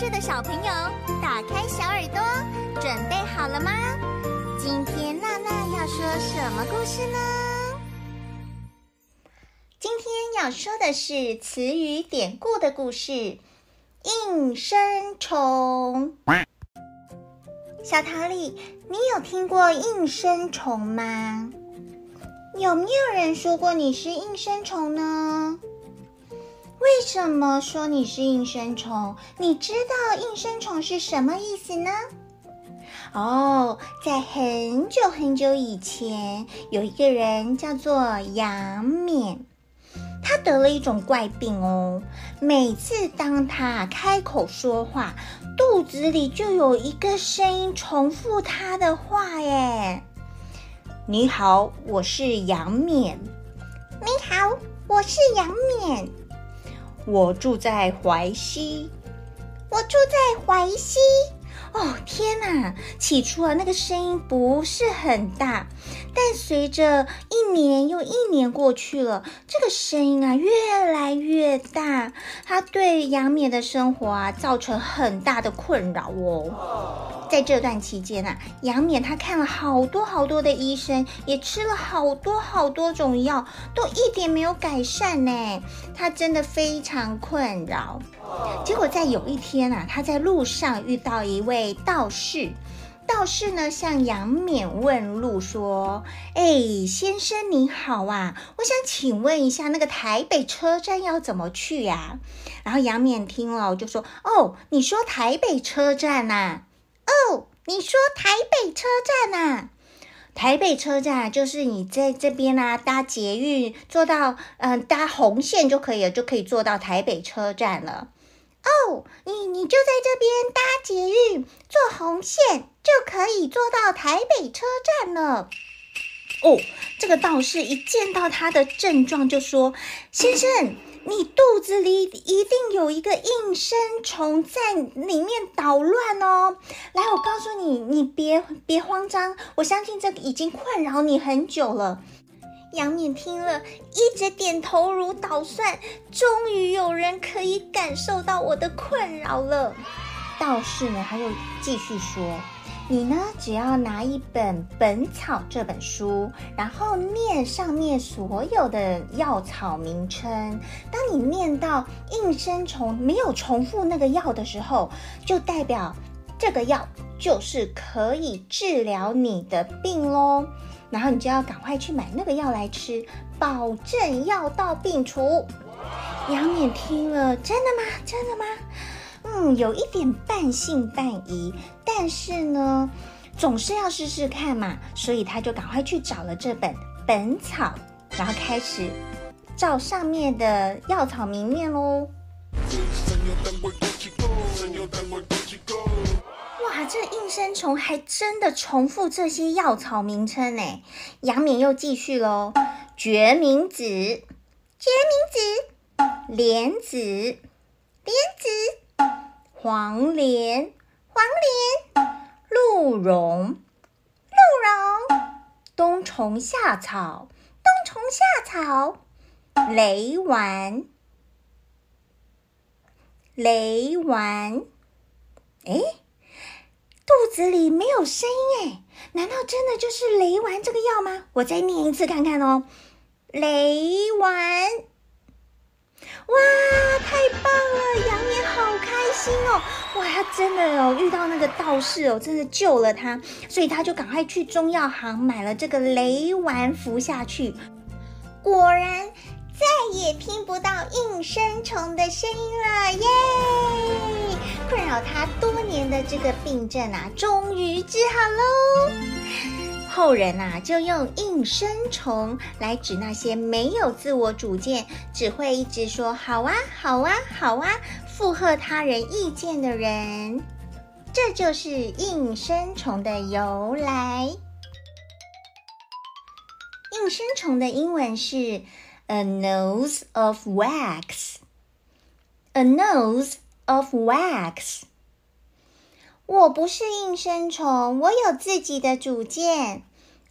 是的小朋友，打開小耳朵，準備好了嗎？今天娜娜要說什麼故事呢？今天要說的是詞語典故的故事，《應聲蟲》。小桃李，你有聽過應聲蟲嗎？有沒有人說過你是應聲蟲呢？為什麼說你是應聲蟲？你知道“應聲蟲”是什麼意思呢？哦，在很久很久以前，有一個人叫做楊冕，他得了一種怪病哦。每次當他開口說話，肚子裡就有一個聲音重複他的話耶：「你好，我是楊冕。你好，我是楊冕。我住在淮西，我住在淮西。哦，天哪！起初啊，那個聲音不是很大，但隨着一年又一年過去了，這個聲音啊越來越大，它對楊勉的生活啊造成很大的困擾哦。在這段期間呢、啊，楊勉他看了好多好多的醫生，也吃了好多好多種藥，都一點沒有改善呢。他真的非常困擾。結果在有一天啊，他在路上遇到一位道士，道士呢向楊勉問路，說：“哎，先生你好啊，我想請問一下，那個台北車站要怎麼去呀、啊？”然後楊勉聽了我就說：“哦，你說台北車站吶、啊？”哦，oh，你說台北車站啊？台北車站就是你在這邊啊搭捷運，坐到嗯、呃、搭紅線就可以了，就可以坐到台北車站了。哦、oh，你你就在這邊搭捷運坐紅線就可以坐到台北車站了。哦，oh，這個道士一見到他的症狀就說：“先生。”你肚子裡一定有一個應聲蟲在裡面搗亂哦！來，我告訴你，你別別慌張，我相信這個已經困擾你很久了。楊冕聽了一直點頭如搗蒜，終於有人可以感受到我的困擾了。道士呢，他又繼續說。你呢，只要拿一本《本草》這本書，然後念上面所有的藥草名稱。當你念到應聲蟲沒有重複那個藥的時候，就代表這個藥就是可以治療你的病咯。然後你就要趕快去買那個藥來吃，保證藥到病除。楊冕聽了，真的嗎？真的嗎？嗯，有一點半信半疑，但是呢，總是要試試看嘛，所以他就趕快去找了這本本草，然後開始照上面的藥草名念嘍。哇，這應聲蟲還真的重複這些藥草名稱呢！楊綿又繼續嘍，決明子，決明子，蓮子指，蓮子。黃連，黃連，鹿茸，鹿茸，冬蟲夏草，冬蟲夏草，雷丸，雷丸。哎，肚子裡沒有聲音哎，難道真的就是雷丸這個藥嗎？我再念一次看看哦，雷丸。哇，太棒了！楊也好開心哦！哇，他真的哦，遇到那個道士哦，真的救了他，所以他就趕快去中藥行買了這個雷丸服下去，果然再也聽不到應聲蟲的聲音了耶！困擾他多年的這個病症啊，終於治好嘍！後人啊，就用應聲蟲來指那些沒有自我主見，只會一直說“好啊，好啊，好啊”，附和他人意見的人。這就是應聲蟲的由來。應聲蟲的英文是 a nose of wax。a nose of wax。我不是應聲蟲，我有自己的主見。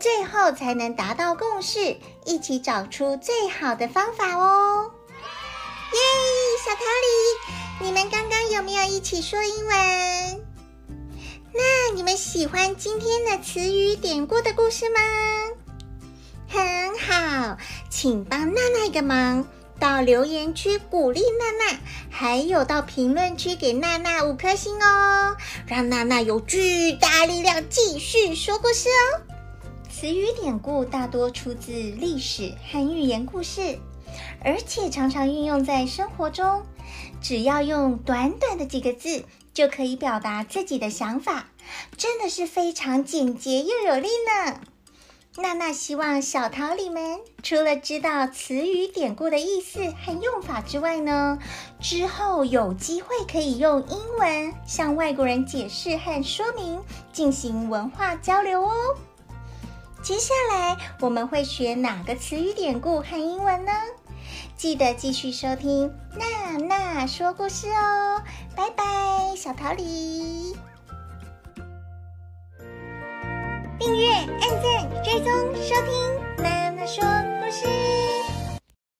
最後才能達到共識，一起找出最好的方法哦。耶，yeah，小桃李，你們剛剛有沒有一起說英文？那你們喜歡今天的詞語典故的故事嗎？很好，請幫娜娜一個忙，到留言區鼓勵娜娜，還有到評論區給娜娜五顆星哦，讓娜娜有巨大力量繼續說故事哦。詞語典故大多出自歷史和寓言故事，而且常常運用在生活中。只要用短短的幾個字就可以表達自己的想法，真的是非常簡潔又有力呢。娜娜希望小桃李們除了知道詞語典故的意思和用法之外呢，之後有機會可以用英文向外國人解釋和說明，進行文化交流哦。接下來我們會學哪個詞語典故和英文呢？記得繼續收聽娜娜說故事哦，拜拜，小桃李。訂閱、按讚、追蹤、收聽娜娜說故事。